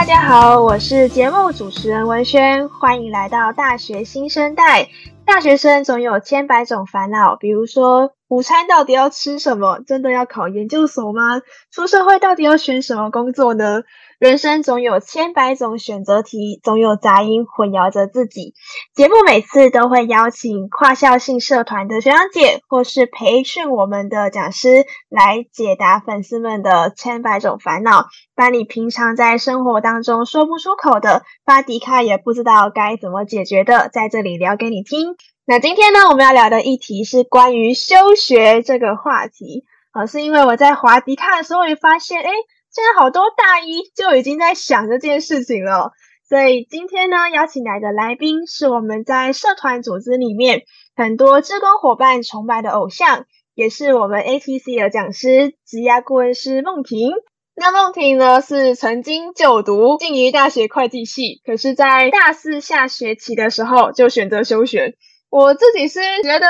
大家好，我是節目主持人文軒，歡迎來到大學新生代。大學生總有千百種煩惱，比如說午餐到底要吃什麼？真的要考研究所嗎？出社會到底要選什麼工作呢？人生總有千百種選擇題，總有雜音混淆着自己。節目每次都會邀請跨校性社團的學長姐，或是培訓我們的講師來解答粉絲們的千百種煩惱。把你平常在生活當中說不出口的，發迪卡也不知道該怎麼解決的，在這裡聊給你聽。那今天呢，我們要聊的議題是關於休學這個話題。而是因為我在滑迪卡的時候，也發現，誒現在好多大一就已經在想這件事情了，所以今天呢，邀請來的來賓是我們在社團組織裡面很多志工伙伴崇拜的偶像，也是我們 ATC 的講師、職涯顧問師孟葶。那孟葶呢，是曾經就讀靜宜大學會計系，可是在大四下學期的時候就選擇休學。我自己是覺得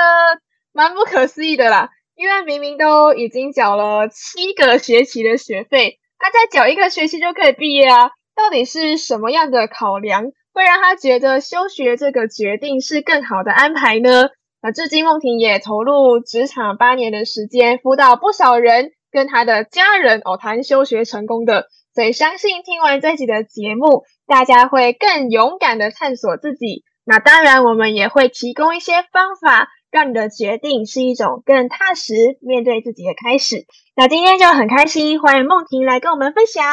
蠻不可思議的啦，因為明明都已經繳了七個學期的學費。他、啊、再繳一個學期就可以畢業啊！到底是什麼樣的考量會讓他覺得休學這個決定是更好的安排呢？那至今孟葶也投入職場八年的時間，輔導不少人，跟他的家人偶、哦、談休學成功的。所以相信聽完這集的節目，大家會更勇敢地探索自己。那當然，我們也會提供一些方法。讓你的決定是一種更踏實面對自己的開始。那今天就很開心，歡迎孟葶來跟我們分享。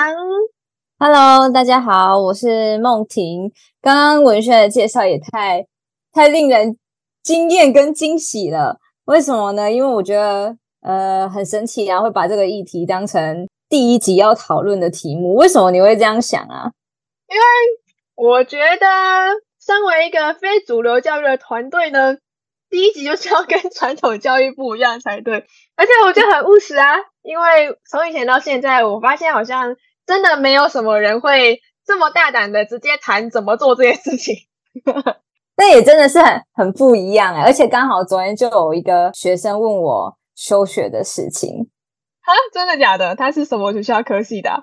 Hello，大家好，我是孟葶。剛剛文軒的介紹也太太令人驚豔跟驚喜了。為什麼呢？因為我覺得呃很神奇啊，然後會把這個議題當成第一集要討論的題目。為什麼你會這樣想啊？因為我覺得，身為一個非主流教育的團隊呢。第一集就是要跟傳統教育不一樣才對，而且我覺得很務實啊。因為從以前到現在，我發現好像真的沒有什麼人會這麼大膽的直接談怎麼做這件事情。 那也真的是很很不一樣哎、欸。而且剛好昨天就有一個學生問我休學的事情，哈，真的假的？他是什麼學校科系的？啊？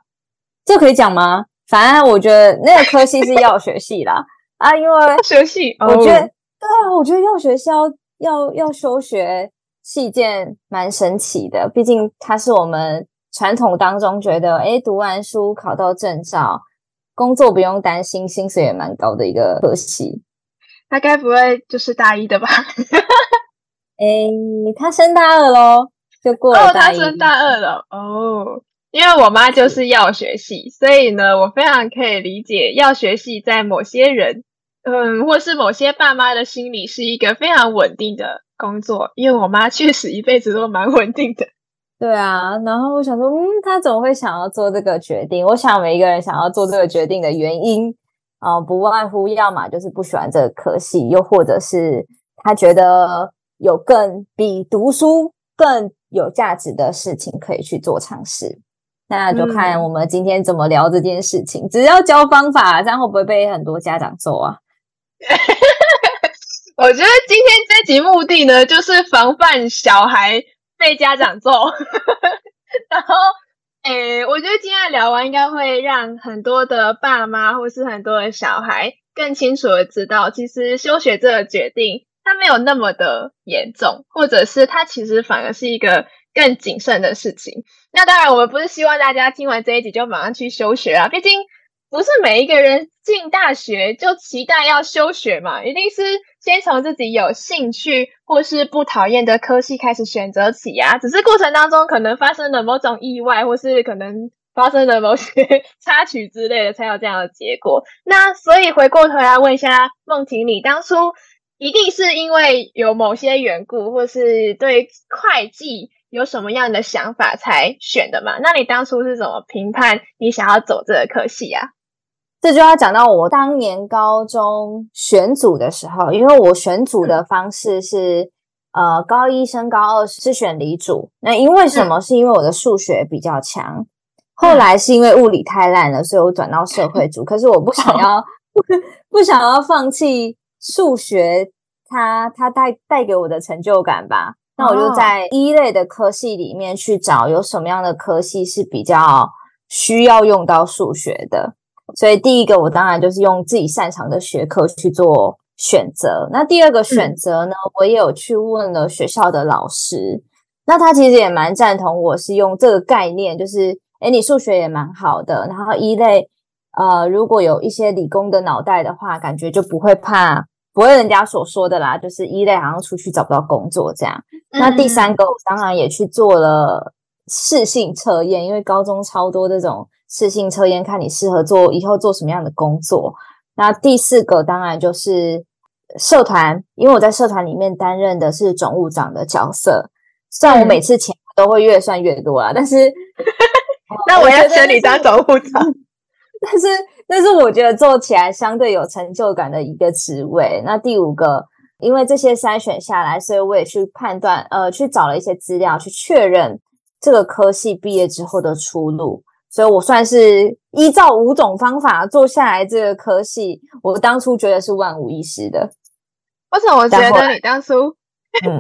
這 可以講嗎？反正我覺得那個科系是要學系啦，啊，因為學系，我覺得。對啊，我覺得藥學校要要休學，是一件蠻神奇的，畢竟它是我們傳統當中覺得，誒讀完書考到證照，工作不用擔心，薪水也蠻高的一個科系。他該不會就是大一的吧？ 哎，他升大二咯，就過了哦。他升大二了哦，因為我媽就是藥學系，是所以呢，我非常可以理解藥學系在某些人。嗯，或是某些爸媽的心理是一個非常穩定的工作，因為我媽確實一輩子都蠻穩定的。對啊，然後我想說，嗯，她怎麼會想要做這個決定？我想每一個人想要做這個決定的原因啊，嗯，不外乎要麼就是不喜歡這個科系，又或者是他覺得有更比讀書更有價值的事情可以去做嘗試。那就看我們今天怎麼聊這件事情，嗯，只要教方法，這樣會不會被很多家長揍啊？ 我覺得今天這集目的呢，就是防範小孩被家長揍。 然後，誒、欸，我覺得今天的聊完，應該會讓很多的爸媽或是很多的小孩更清楚的知道，其實休學這個決定，它沒有那麼的嚴重，或者是它其實反而是一個更謹慎的事情。那當然，我們不是希望大家聽完這一集就馬上去休學啊，畢竟。不是每一個人進大學就期待要休學嘛？一定是先從自己有興趣或是不討厭的科系開始選擇起啊。只是過程當中可能發生了某種意外，或是可能發生了某些插曲之類的，才有這樣的結果。那所以回過頭來問一下孟葶，你當初一定是因為有某些緣故，或是對會計有什麼樣的想法才選的嗎？那你當初是怎麼評判你想要走這個科系啊？這就要講到我當年高中選組的時候，因為我選組的方式是，嗯、呃，高一升高二是選理組。那因為什麼？嗯、是因為我的數學比較強。後來是因為物理太爛了，所以我轉到社會組。嗯、可是我不想要，不，不想要放棄數學它，它它帶帶給我的成就感吧。那我就在一類的科系裡面去找有什麼樣的科系是比較需要用到數學的。所以第一個，我當然就是用自己擅長的學科去做選擇。那第二個選擇呢，嗯、我也有去問了學校的老師，那他其實也蠻贊同，我是用這個概念，就是欸、你數學也蠻好的，然後一類，呃，如果有一些理工的腦袋的話，感覺就不會怕。不會人家所說的啦，就是一類好像出去找不到工作這樣。嗯、那第三個，我當然也去做了適性測驗，因為高中超多這種適性測驗，看你適合做以後做什麼樣的工作。那第四個當然就是社團，因為我在社團裡面擔任的是總務長的角色，雖然我每次錢都會越算越多啊，但是，那我要選你當總務長。 但是，但是我覺得做起來相對有成就感的一個職位。那第五個，因為這些篩選下來，所以我也去判斷，呃，去找了一些資料去確認這個科系畢業之後的出路。所以我算是依照五種方法做下來這個科系，我當初覺得是萬無一失的。為什麼我覺得你當初？ 嗯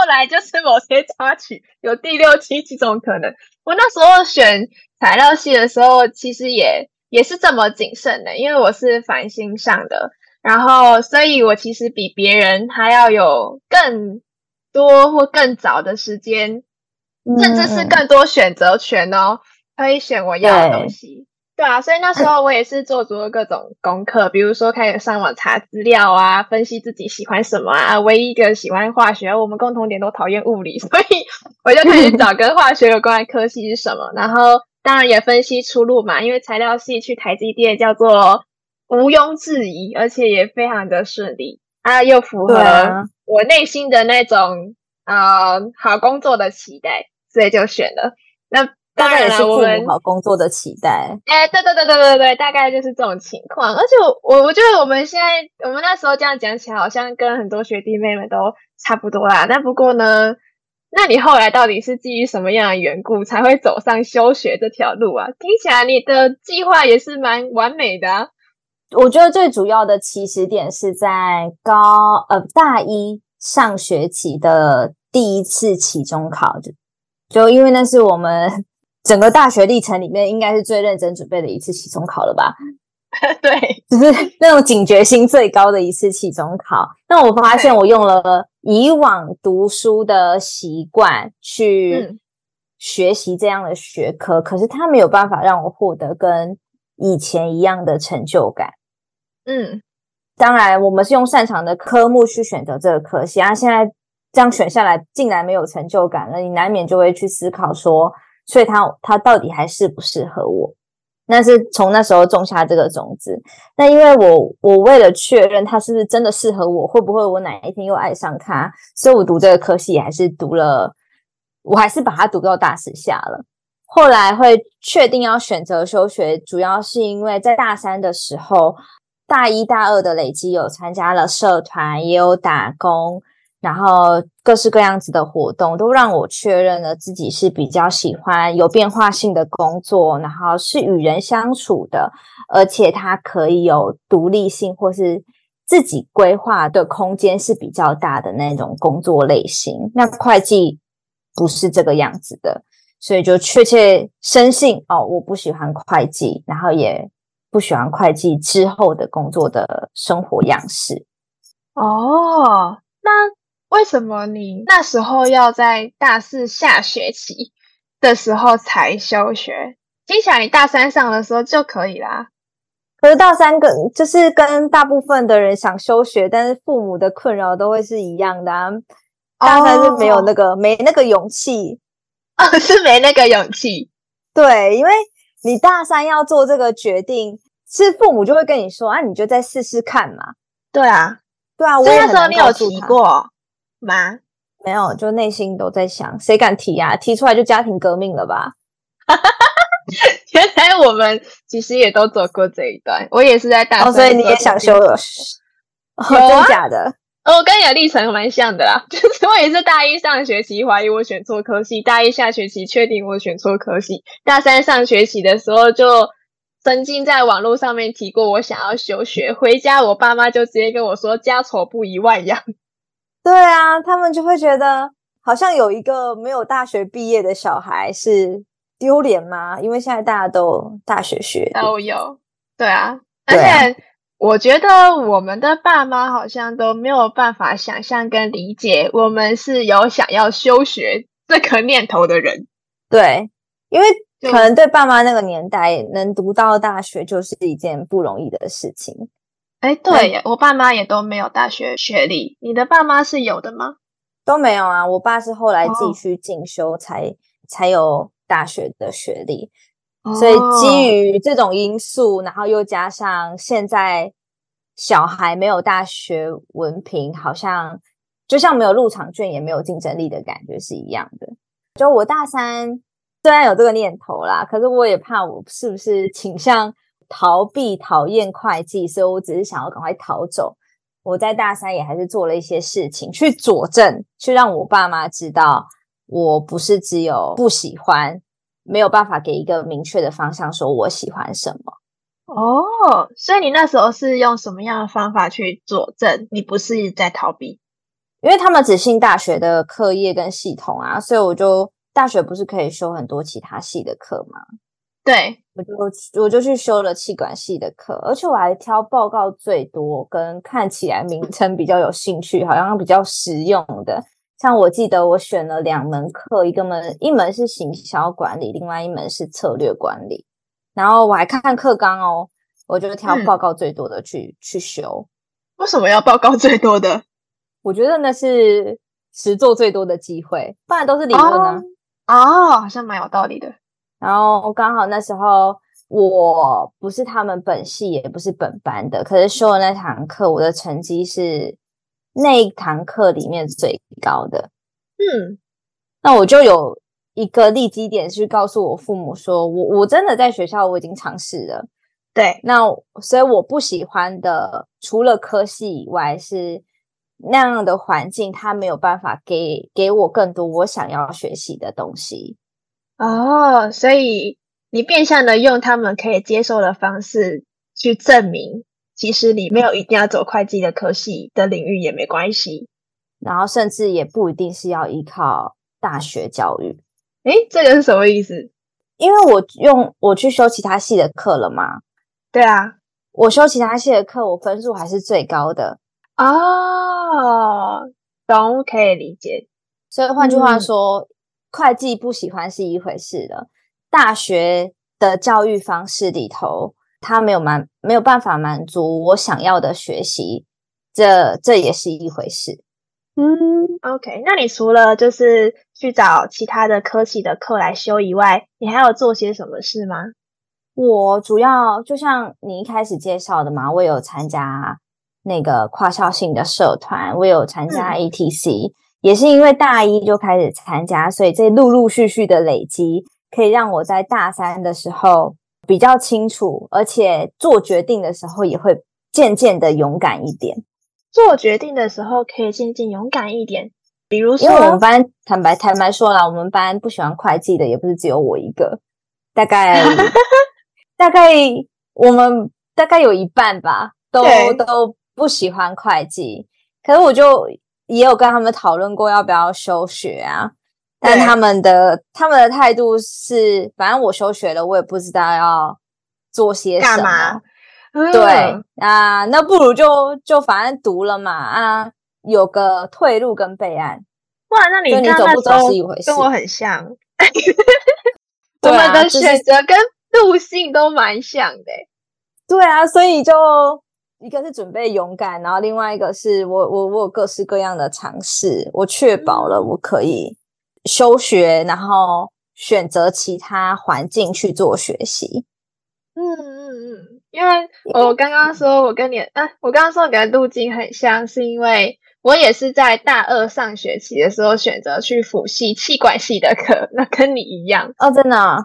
後來就是某些插曲，有第六七幾種可能。我那時候選材料系的時候，其實也也是這麼謹慎的，因為我是繁星上的，然後所以我其實比別人還要有更多或更早的時間，甚至是更多選擇權哦，可以選我要的東西。嗯嗯對啊，所以那時候我也是做足了各種功課，比如說開始上網查資料啊，分析自己喜歡什麼啊。唯一一個喜歡化學，我們共同點都討厭物理，所以我就開始找跟化學有關的科系是什麼。 然後當然也分析出路嘛，因為材料系去台積電叫做毋庸置疑，而且也非常的順利啊，又符合我內心的那種啊、呃、好工作的期待，所以就選了那。大概也是父母好工作的期待。哎，對、欸、對對對對對，大概就是這種情況。而且我我覺得我們現在我們那時候這樣講起來，好像跟很多學弟妹們都差不多啦。那不過呢，那你後來到底是基於什麼樣的緣故才會走上休學這條路啊？聽起來你的計劃也是蠻完美的啊。我覺得最主要的起始點是在高，呃，大一上學期的第一次期中考，就就因為那是我們。整個大學歷程裡面，應該是最認真準備的一次期中考了吧？對，就是那種警覺心最高的一次期中考。那我發現我用了以往讀書的習慣去學習這樣的學科，嗯，可是它沒有辦法讓我獲得跟以前一樣的成就感。嗯，當然，我們是用擅長的科目去選擇這個科系，啊，現在這樣選下來，竟然沒有成就感了，那你難免就會去思考說。所以他他到底還適不適合我？那是從那時候種下這個種子。那因為我我為了確認他是不是真的適合我，會不會我哪一天又愛上他，所以我讀這個科系還是讀了，我還是把它讀到大四下了。後來會確定要選擇休學，主要是因為在大三的時候，大一、大二的累積有參加了社團，也有打工。然後各式各樣子的活動都讓我確認了自己是比較喜歡有變化性的工作，然後是與人相處的，而且它可以有獨立性或是自己規劃的空間是比較大的那種工作類型。那會計不是這個樣子的，所以就確切深信，哦，我不喜歡會計，然後也不喜歡會計之後的工作的生活樣式。哦，那。為什麼你那時候要在大四下學期的時候才休學？心想你大三上的時候就可以啦。可是大三跟，就是跟大部分的人想休學，但是父母的困擾都會是一樣的，啊。大三是沒有那個，oh，沒那個勇氣。oh，是沒那個勇氣。對，因為你大三要做這個決定，是父母就會跟你說：“啊，你就再試試看嘛。”對啊，對啊。我。所以那時候你有提過。媽，沒有，就內心都在想，誰敢提呀？啊？提出來就家庭革命了吧？哈哈哈，原來我們其實也都走過這一段。我也是在大三、哦，所以你也想修了？哦、有真、啊哦、的假的？我跟你的歷程蠻像的啦，就是我也是大一上學期懷疑我選錯科系，大一下學期確定我選錯科系，大三上學期的時候就曾經在網絡上面提過我想要休學，回家我爸媽就直接跟我說：“家醜不一外揚。”對啊，他們就會覺得好像有一個沒有大學畢業的小孩是丟臉嗎？因為現在大家都大學學都有，對啊。而且對我覺得我們的爸媽好像都沒有辦法想象跟理解我們是有想要休學這個念頭的人。對，因為可能對爸媽那個年代，能讀到大學就是一件不容易的事情。哎，對，我爸媽也都沒有大學學歷。你的爸媽是有的嗎？都沒有啊，我爸是後來自己去進修才，才、哦、才有大學的學歷。所以基於這種因素，然後又加上現在小孩沒有大學文憑，好像就像沒有入場券，也沒有競爭力的感覺是一樣的。就我大三，雖然有這個念頭啦，可是我也怕我是不是傾向。逃避討厭會計，所以我只是想要趕快逃走。我在大三也還是做了一些事情去佐證，去讓我爸媽知道我不是只有不喜歡，沒有辦法給一個明確的方向，說我喜歡什麼。哦，所以你那時候是用什麼樣的方法去佐證你不是一直在逃避？因為他們只信大學的課業跟系統啊，所以我就大學不是可以修很多其他系的課嗎？對。我就我就去修了企管系的課，而且我還挑報告最多跟看起來名稱比較有興趣，好像比較實用的。像我記得我選了兩門課，一個門一門是行銷管理，另外一門是策略管理。然後我還看課綱哦，我覺得挑報告最多的去、嗯、去修。為什麼要報告最多的？我覺得那是實做最多的機會，不然都是理論呢。啊、哦哦，好像蠻有道理的。然後我剛好那時候我不是他們本系，也不是本班的，可是修的那堂課，我的成績是那一堂課裡面最高的。嗯，那我就有一個立基點，去告訴我父母說，我我真的在學校我已經嘗試了。對，那所以我不喜歡的，除了科系以外是，是那樣的環境，他沒有辦法給給我更多我想要學習的東西。哦，oh, 所以你變相的用他們可以接受的方式去證明，其實你沒有一定要走會計的科系的領域也沒關係，然後甚至也不一定是要依靠大學教育。誒、欸、這個是什麼意思？因為我用我去修其他系的課了嘛。對啊，我修其他系的課，我分數還是最高的哦，總、oh, 可以理解。所以換句話說。嗯會計不喜歡是一回事的。大學的教育方式裡頭，他沒有滿沒有辦法滿足我想要的學習，這這也是一回事。嗯，OK，那你除了就是去找其他的科系的課來修以外，你還有做些什麼事嗎？我主要就像你一開始介紹的嘛，我有參加那個跨校性的社團，我有參加 ATC、嗯。也是因為大一就開始參加，所以這陸陸續續的累積，可以讓我在大三的時候比較清楚，而且做決定的時候也會漸漸的勇敢一點。做決定的時候可以漸漸勇敢一點，比如說，因為我們班坦白坦白說啦，我們班不喜歡會計的也不是只有我一個，大概 大概我們大概有一半吧，都對都不喜歡會計，可是我就。也有跟他們討論過要不要休學啊，對但他們的他們的態度是，反正我休學了，我也不知道要做些什麼，幹嘛。對、嗯、啊，那不如就就反正讀了嘛啊，有個退路跟備案。哇，那你那你走不走是一回事，跟我很像， 對啊，我們的選擇、就是，跟路線都蠻像的。對啊，所以就。一個是準備勇敢，然後另外一個是我我我有各式各樣的嘗試，我確保了我可以休學，然後選擇其他環境去做學習。嗯嗯嗯，嗯，因為我剛剛說我跟你嗯、啊，我剛剛說跟路徑很像是因為我也是在大二上學期的時候選擇去輔系企管系的課，那跟你一樣哦，真的、哦？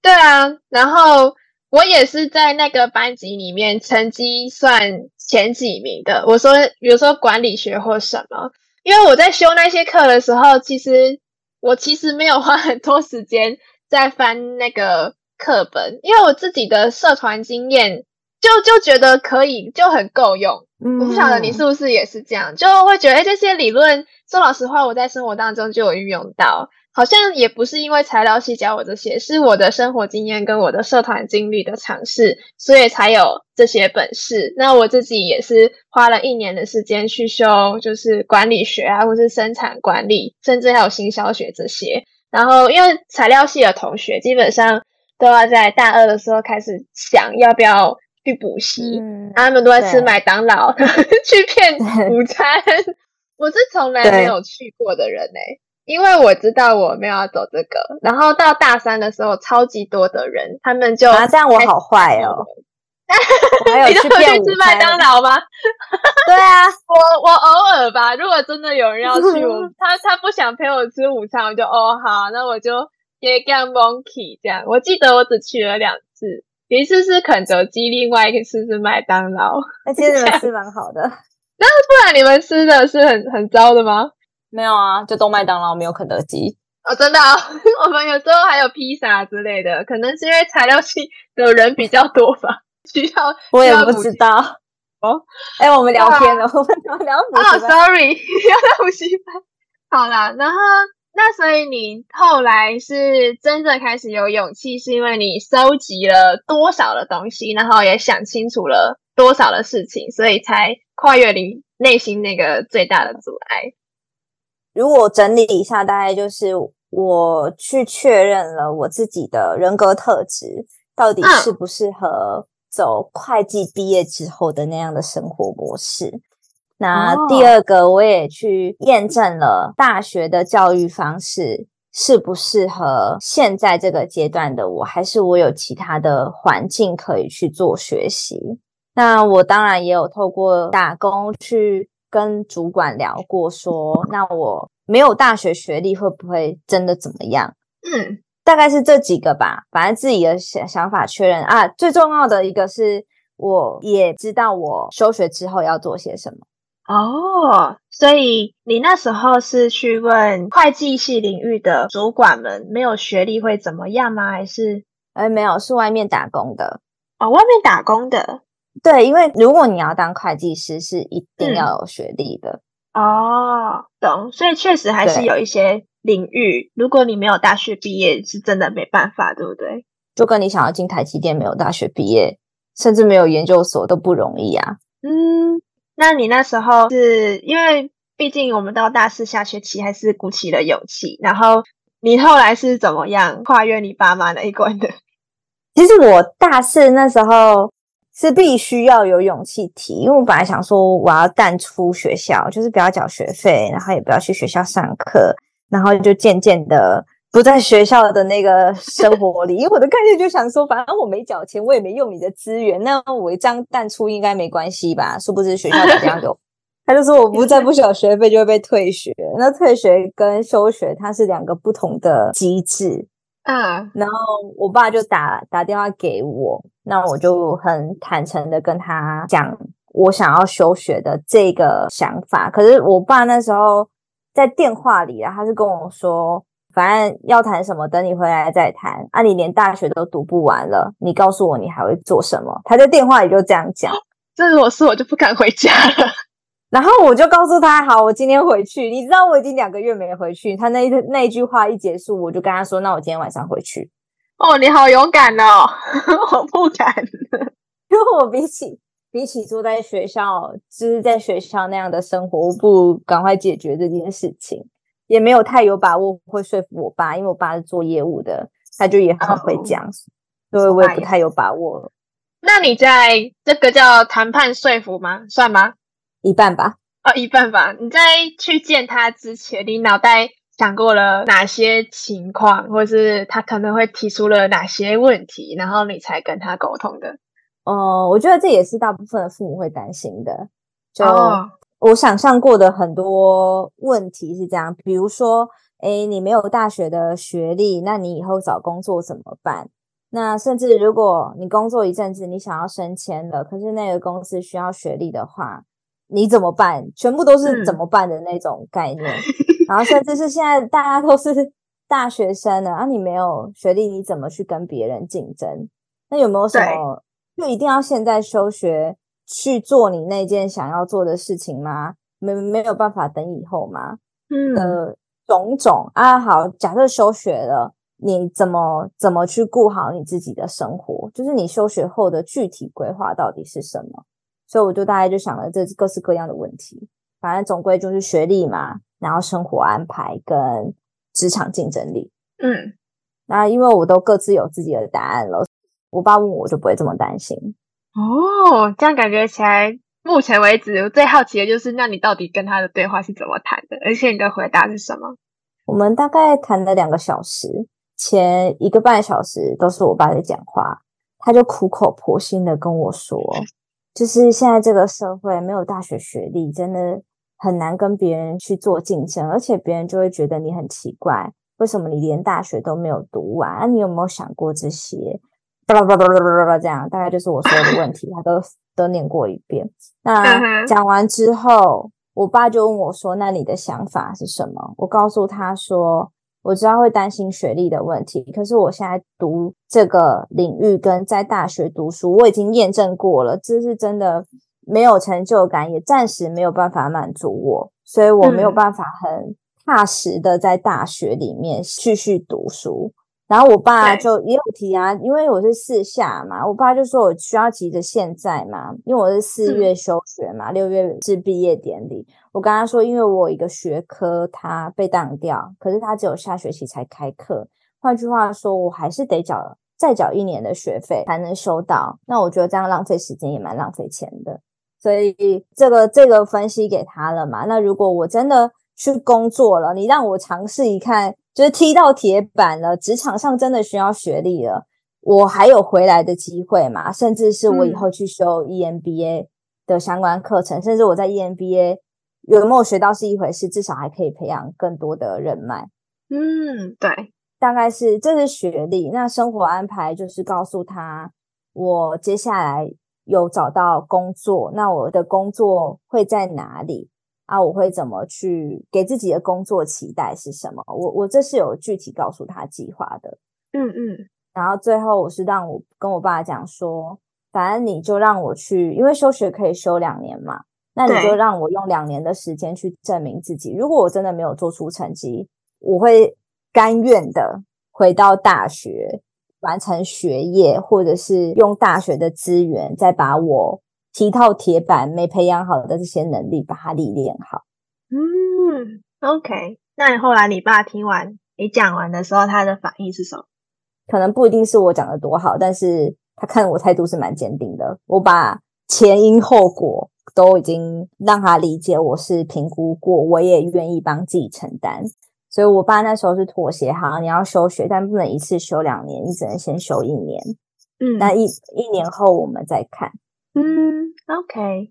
對啊，然後。我也是在那個班級裡面成績算前幾名的。我說，比如說管理學或什麼，因為我在修那些課的時候，其實我其實沒有花很多時間在翻那個課本，因為我自己的社團經驗。就就覺得可以，就很夠用。我不曉得你是不是也是這樣，嗯、就會覺得、哎、這些理論說老實話，我在生活當中就有運用到。好像也不是因為材料系教我這些，是我的生活經驗跟我的社團經歷的嘗試，所以才有這些本事。那我自己也是花了一年的時間去修，就是管理學啊，或是生產管理，甚至還有行銷學這些。然後因為材料系的同學基本上都要在大二的時候開始想，要不要。去補習、嗯啊，他們都在吃麥當勞對去騙午餐，對我是從來沒有去過的人哎、欸，對因為我知道我沒有要走這個。然後到大三的時候，超級多的人，他們就啊這樣，我好壞哦，啊、我還有去， 去吃麥當勞嗎？對啊， 我我偶爾吧，如果真的有人要去，我他他不想陪我吃午餐，我就哦好，那我就也 e t monkey 這樣。我記得我只去了兩次。一次是肯德基，另外一次是麥當勞。那今天你們吃蠻好的。 那不然你們吃的是很很糟的嗎？沒有啊，就都麥當勞，沒有肯德基哦，真的、哦， 我們有時候還有披薩之類的，可能是因為材料系的人比較多吧。 需要,需要我也不知道補哦。哎、欸，我們聊天了，啊、 我們聊聊哦 sorry 要到補習班好啦，然後。那所以你後來是真正開始有勇氣，是因為你收集了多少的東西，然後也想清楚了多少的事情，所以才跨越你內心那個最大的阻礙。如果整理一下，大概就是我去確認了我自己的人格特質，到底適不適合走會計畢業之後的那樣的生活模式。那第二個，我也去驗證了大學的教育方式適不適合現在這個階段的我，還是我有其他的環境可以去做學習。那我當然也有透過打工去跟主管聊過說，說那我沒有大學學歷會不會真的怎麼樣？嗯，大概是這幾個吧。反正自己的想想法確認啊，最重要的一個是我也知道我休學之後要做些什麼。哦，oh, 所以你那時候是去問會計系領域的主管們沒有學歷會怎麼樣嗎？還是？哎，沒有，是外面打工的。哦，oh, 外面打工的，對，因為如果你要當會計師是一定要有學歷的。哦，嗯 oh, 懂，所以確實還是有一些領域，對如果你沒有大學畢業是真的沒辦法，對不對？就跟你想要進台積電，沒有大學畢業，甚至沒有研究所都不容易啊。那你那時候是因為，畢竟我們到大四下學期還是鼓起了勇氣，然後你後來是怎麼樣跨越你爸媽那一關的？其實我大四那時候是必須要有勇氣提，因為我本來想說我要淡出學校，就是不要繳學費，然後也不要去學校上課，然後就漸漸的。不在學校的那個生活裡，因為我的概念就想說，反正我沒繳錢，我也沒用你的資源，那我一張淡出應該沒關係吧？殊不知學校怎麼樣我 他就說我不再不繳學費就會被退學，那退學跟休學它是兩個不同的機制。嗯、啊，然後我爸就打打電話給我，那我就很坦誠的跟他講我想要休學的這個想法。可是我爸那時候在電話裡啊，他是跟我說，反正要談什麼，等你回來再談。啊，你連大學都讀不完了，你告訴我你還會做什麼？他在電話裡就這樣講。這如果是我，我就不敢回家了。然後我就告訴他，好，我今天回去。你知道我已經兩個月沒回去。他那一那一句話一結束，我就跟他說，那我今天晚上回去。哦，你好勇敢哦！ 我不敢，因 為我比起比起住在學校，就是在學校那樣的生活，我不如趕快解決這件事情。也沒有太有把握會說服我爸，因為我爸是做業務的，他就也很會講，哦，所以我也不太有把握。那你在這個叫談判說服嗎？算嗎？一半吧。哦，一半吧。你在去見他之前，你腦袋想過了哪些情況，或是他可能會提出了哪些問題，然後你才跟他溝通的？哦，我覺得這也是大部分的父母會擔心的。就。哦我想象過的很多問題是這樣，比如說，誒你沒有大學的學歷，那你以後找工作怎麼辦？那甚至如果你工作一陣子，你想要升遷了，可是那個公司需要學歷的話，你怎麼辦？全部都是怎麼辦的那種概念。嗯、然後，甚至是現在大家都是大學生了， 啊，你沒有學歷，你怎麼去跟別人競爭？那有沒有什麼對就一定要現在休學？去做你那件想要做的事情嗎？沒沒有辦法等以後嗎？嗯，呃，種種啊，好，假設休學了，你怎麼怎麼去顧好你自己的生活？就是你休學後的具體規劃到底是什麼？所以我就大概就想了這各式各樣的問題，反正總歸就是學歷嘛，然後生活安排跟職場競爭力。嗯，那因為我都各自有自己的答案了，我爸問我就不會這麼擔心。哦，這樣感覺起來，目前為止我最好奇的就是，那你到底跟他的對話是怎麼談的？而且你的回答是什麼？我們大概談了兩個小時，前一個半小時都是我爸在講話，他就苦口婆心的跟我說，就是現在這個社會沒有大學學歷，真的很難跟別人去做競爭，而且別人就會覺得你很奇怪，為什麼你連大學都沒有讀完？那你有沒有想過這些？噠啦噠啦啦啦啦，這樣大概就是我所有的問題， 他都都念過一遍。那、uh huh. 講完之後，我爸就問我說：“那你的想法是什麼？”我告訴他說：“我知道會擔心學歷的問題，可是我現在讀這個領域跟在大學讀書，我已經驗證過了，這是真的沒有成就感，也暫時沒有辦法滿足我，所以我沒有辦法很踏實的在大學裡面繼續讀書。” 然後我爸就也有提啊，Okay. 因為我是四下嘛，我爸就說我需要急着現在嘛，因為我是四月休學嘛，嗯、六月是畢業典禮。我跟他說，因為我有一個學科它被當掉，可是它只有下學期才開課。換句話說，我還是得繳再繳一年的學費才能修到。那我覺得這樣浪費時間也蠻浪費錢的，所以這個這個分析給他了嘛。那如果我真的去工作了，你讓我嘗試一看。就是踢到鐵板了，職場上真的需要學歷了，我還有回來的機會嘛？甚至是我以後去修 EMBA 的相關課程，嗯、甚至我在 EMBA 有沒有學到是一回事，至少還可以培養更多的人脈。嗯，對，大概是這、就是學歷。那生活安排就是告訴他，我接下來有找到工作，那我的工作會在哪裡？啊，我會怎麼去給自己的工作期待是什麼？我我這是有具體告訴他計劃的，嗯嗯。然後最後我是讓我跟我爸講說，反正你就讓我去，因為休學可以休兩年嘛，那你就讓我用兩年的時間去證明自己。對如果我真的沒有做出成績，我會甘願的回到大學，完成學業，或者是用大學的資源再把我。踢透鐵板，沒培養好的這些能力，把它歷練好。嗯，OK。那你後來你爸聽完你講完的時候，他的反應是什麼？可能不一定是我講的多好，但是他看我態度是蠻堅定的。我把前因後果都已經讓他理解，我是評估過，我也願意幫自己承擔。所以，我爸那時候是妥協，哈，你要休學，但不能一次休兩年，你只能先休一年。嗯，那一一年後我們再看。嗯，OK，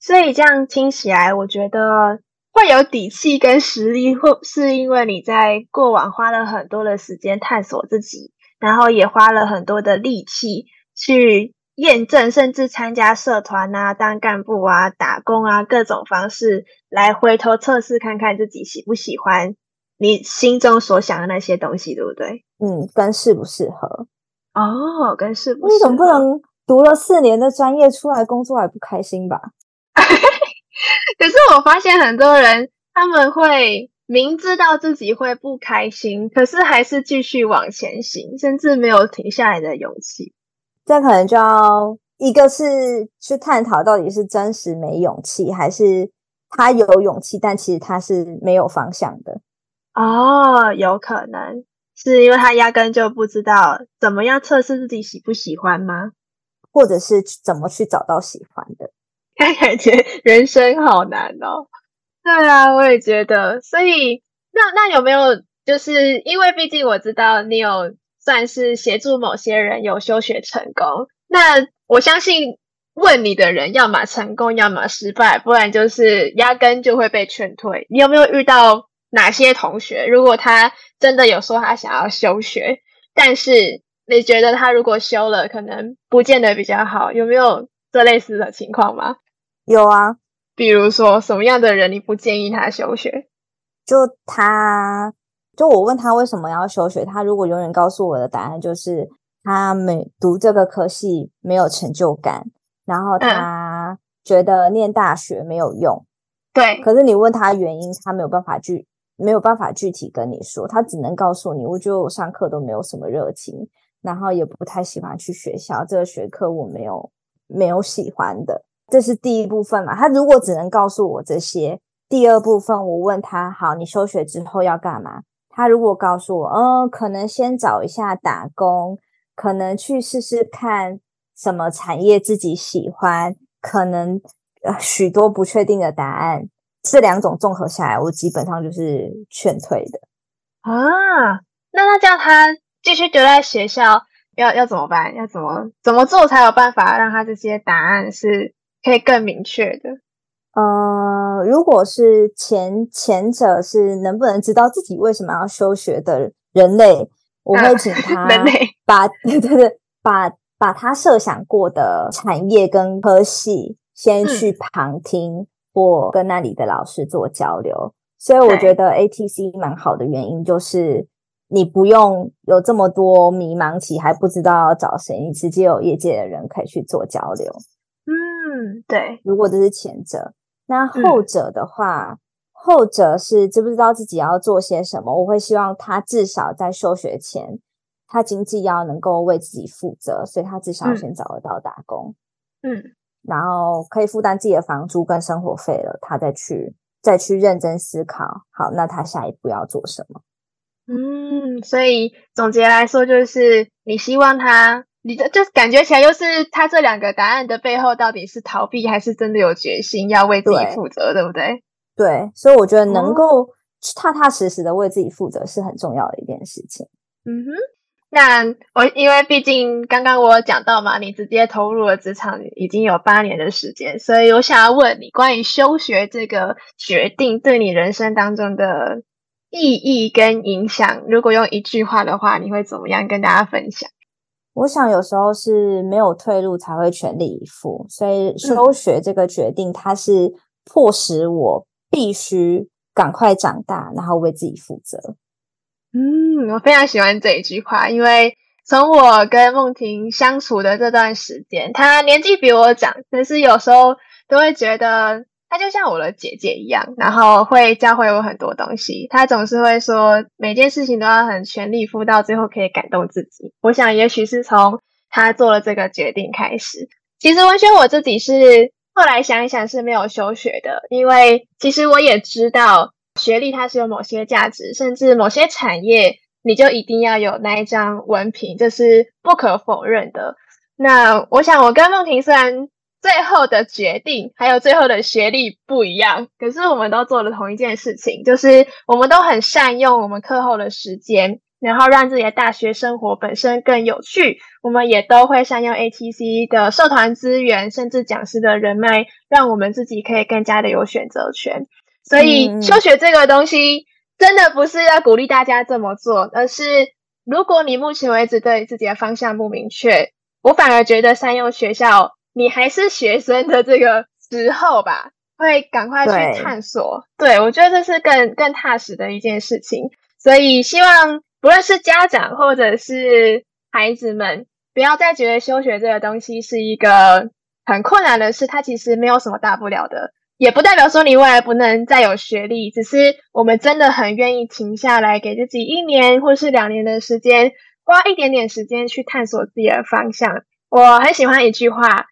所以這樣聽起來，我覺得會有底氣跟實力，或是因為你在過往花了很多的時間探索自己，然後也花了很多的力氣去驗證，甚至參加社團啊、當幹部啊、打工啊，各種方式來回頭測試看看自己喜不喜歡你心中所想的那些東西，對不對？嗯，跟適不適合。哦，跟適不適合你總不能。讀了四年的專業出來工作還不開心吧？ 可是我發現很多人他們會明知道自己會不開心，可是還是繼續往前行，甚至沒有停下來的勇氣。這可能就要一個是去探討到底是真實沒勇氣，還是他有勇氣，但其實他是沒有方向的。哦，有可能，是因為他壓根就不知道怎麼樣測試自己喜不喜歡嗎？或者是怎麼去找到喜歡的，感覺人生好難哦。對啊，我也覺得。所以，那那有沒有就是因為，畢竟我知道你有算是協助某些人有休學成功。那我相信問你的人，要麼成功，要麼失敗，不然就是壓根就會被勸退。你有沒有遇到哪些同學？如果他真的有說他想要休學，但是。你覺得他如果休了，可能不見得比較好，有沒有這類似的情況嗎？有啊。比如說什麼樣的人你不建議他休學？就他就我問他為什麼要休學，他如果永遠告訴我的答案就是他沒讀這個科系沒有成就感，然後他覺得念大學沒有用。嗯、對，可是你問他原因，他沒有辦法具沒有辦法具體跟你說，他只能告訴你，我就上課都沒有什麼熱情。然後也不太喜歡去學校，這個學科我沒有沒有喜歡的，這是第一部分嘛。他如果只能告訴我這些，第二部分我問他：好，你休學之後要幹嘛？他如果告訴我，嗯、呃，可能先找一下打工，可能去試試看什麼產業自己喜歡，可能、呃、許多不確定的答案。這兩種綜合下來，我基本上就是勸退的啊。那他叫他。繼續留在學校要要怎麼辦？要怎麼怎麼做才有辦法讓他這些答案是可以更明確的？呃，如果是前前者是能不能知道自己為什麼要休學的人類，我會請他把對對對，把把他設想過的產業跟科系先去旁聽，嗯、或跟那裡的老師做交流。所以我覺得 ATC 蠻好的原因就是。你不用有這麼多迷茫期，還不知道要找誰，你直接有業界的人可以去做交流。嗯，對。如果這是前者，那後者的話，嗯、後者是知不知道自己要做些什麼？我會希望他至少在休學前，他經濟要能夠為自己負責，所以他至少先找得到打工。嗯，然後可以負擔自己的房租跟生活費了，他再去再去認真思考。好，那他下一步要做什麼？嗯，所以總結來說，就是你希望他，你的就是感覺起來，又是他這兩個答案的背後，到底是逃避還是真的有決心要為自己負責，對，對不對？對，所以我覺得能夠踏踏實實的為自己負責是很重要的一件事情。嗯哼，那我因為畢竟剛剛我講到嘛，你直接投入了職場已經有八年的時間，所以我想要問你關於休學這個決定，對你人生當中的。意義跟影響，如果用一句話的話，你會怎麼樣跟大家分享？我想有時候是沒有退路才會全力以赴，所以休學這個決定，嗯、它是迫使我必須趕快長大，然後為自己負責。嗯，我非常喜歡這一句話，因為從我跟孟葶相處的這段時間，她年紀比我長，但是有時候都會覺得。她就像我的姐姐一樣，然後會教會我很多東西。她總是會說，每件事情都要很全力以赴，到最後可以感動自己。我想，也許是從她做了這個決定開始。其實，文軒我自己是後來想一想是沒有休學的，因為其實我也知道學歷它是有某些價值，甚至某些產業你就一定要有那一張文憑，這是不可否認的。那我想，我跟孟葶雖然。最後的決定還有最後的學歷不一樣，可是我們都做了同一件事情，就是我們都很善用我們課後的時間，然後讓自己的大學生活本身更有趣。我們也都會善用 ATC 的社團資源，甚至講師的人脈，讓我們自己可以更加的有選擇權。所以休、嗯、學這個東西真的不是要鼓勵大家這麼做，而是如果你目前為止對自己的方向不明確，我反而覺得善用學校。你還是學生的這個時候吧，會趕快去探索。對，對我覺得這是更更踏實的一件事情。所以希望不論是家長或者是孩子們，不要再覺得休學這個東西是一個很困難的事。它其實沒有什麼大不了的，也不代表說你未來不能再有學歷。只是我們真的很願意停下來，給自己一年或是兩年的時間，花一點點時間去探索自己的方向。我很喜歡一句話。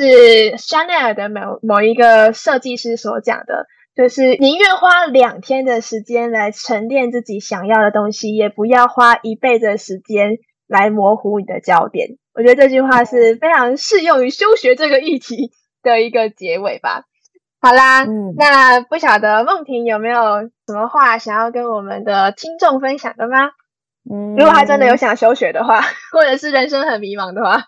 是香奈兒的某某一個設計師所講的，就是寧願花兩天的時間來沉澱自己想要的東西，也不要花一輩子的時間來模糊你的焦點。我覺得這句話是非常適用於休學這個議題的一個結尾吧。好啦，嗯，那不曉得孟葶有沒有什麼話想要跟我們的聽眾分享的嗎？嗯，如果他真的有想休學的話，或者是人生很迷茫的話。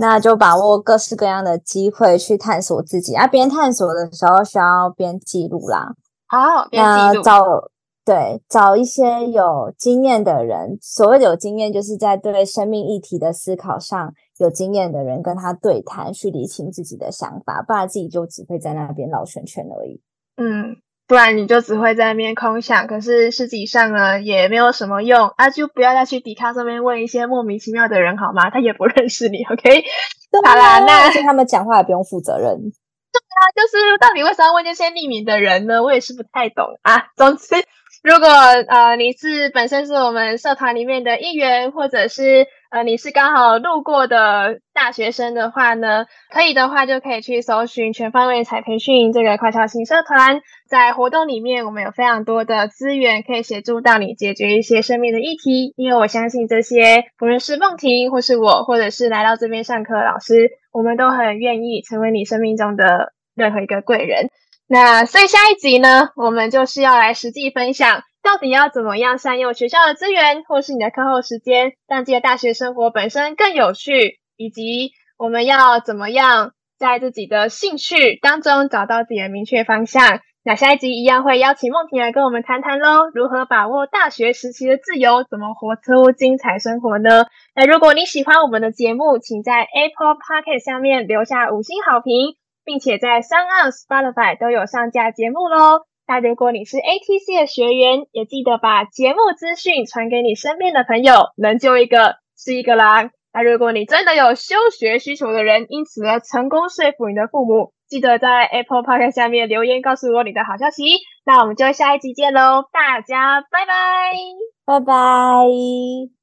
那就把握各式各樣的機會去探索自己啊！邊探索的時候需要邊記錄啦。好，oh, 邊記錄。那找對找一些有經驗的人，所謂有經驗，就是在對生命議題的思考上有經驗的人跟他對談，去理清自己的想法，不然自己就只會在那邊繞圈圈而已。嗯。不然、啊、你就只會在那邊空想，可是實際上呢也沒有什麼用啊！就不要再去 Dcard 上面問一些莫名其妙的人好嗎？他也不認識你，OK？、啊、好啦，那而且他們講話也不用負責任。對啊，就是到底為什麼要問那些匿名的人呢？我也是不太懂啊。總之，如果呃你是本身是我們社團裡面的一員，或者是。呃，你是剛好路過的大學生的話呢，可以的話就可以去搜尋全方位彩培訓這個跨校型社團。在活動裡面，我們有非常多的資源可以協助到你解決一些生命的議題。因為我相信，這些不論是孟葶、或是我，或者是來到這邊上課的老師，我們都很願意成為你生命中的任何一個貴人。那所以下一集呢，我們就是要來實際分享。到底要怎麼樣善用學校的資源，或是你的課後時間，讓自己的大學生活本身更有趣？以及我們要怎麼樣在自己的興趣當中找到自己的明確方向？那下一集一樣會邀請孟葶來跟我們談談嘍，如何把握大學時期的自由，怎麼活出精彩生活呢？那如果你喜歡我們的節目，請在 Apple Podcast 下面留下五星好評，並且在 SoundOn、Spotify 都有上架節目嘍。那如果你是 ATC 的學員，也記得把節目資訊傳給你身邊的朋友，能救一個是一個啦。那如果你真的有休學需求的人，因此而成功說服你的父母，記得在 Apple Podcast 下面留言告訴我你的好消息。那我們就下一集見嘍，大家拜拜，拜拜。